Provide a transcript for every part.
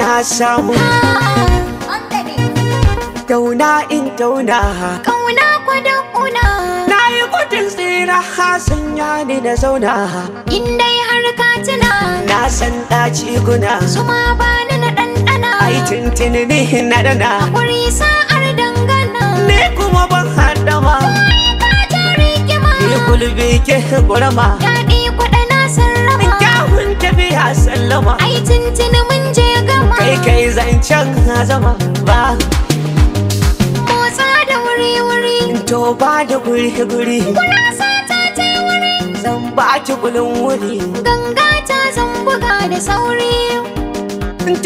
na samu Dauna in dauna Kauna kwada una. Na yi gudun tsira ha ya ni na zauna Inda yi har ka tuna Na san ɗaci guna Suma ba ni na ɗanɗana Ai tuntuni ni na dana A guri sa'ar dangana Ne kuma ban haɗama gulbe ke gurama ɗi kwaɗa na sarrama Kyawun tafiya sallama Ai tuntuni zancen zama ba motsa da wuri-wuri to ba da guri-guri ta sata ce wuri zan ba ki gulin wuri ganga ta zan buga da sauri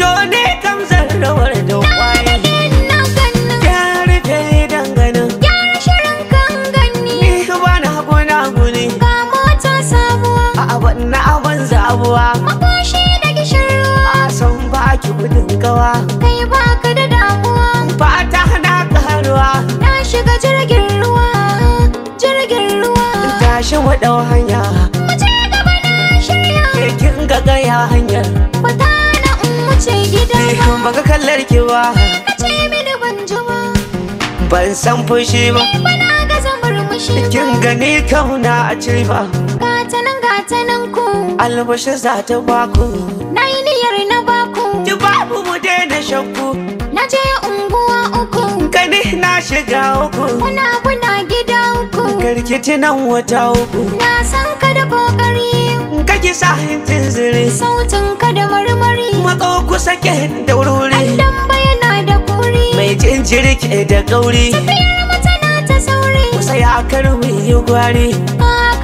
to ne kam zan rawar da kwaye gyara ta yi danganin gyara shirin kan ganni ni ba na guna-guni ga mota sabuwa a abin na abin zabuwa makwashi da gishin ruwa san ba ki gudun gawa baka kallar ki ba ce mini ban ji ba ban san fushi ba bana ga zamar mushi ba kin gani kauna a ce ba gata nan gata nan ku albashi za ta ba ku na yi niyyar na ba ku ki babu mu na shakku na je unguwa uku gani na shiga uku Kuna kuna gida uku karkiti nan wata uku na san ka da kokari kake sa hintin zire sautin ka da marmari matso kusa ke da wuri jirike da ƙauri. Tafiyar mata na ta sauri. Kusa ya kar mu yi gwari.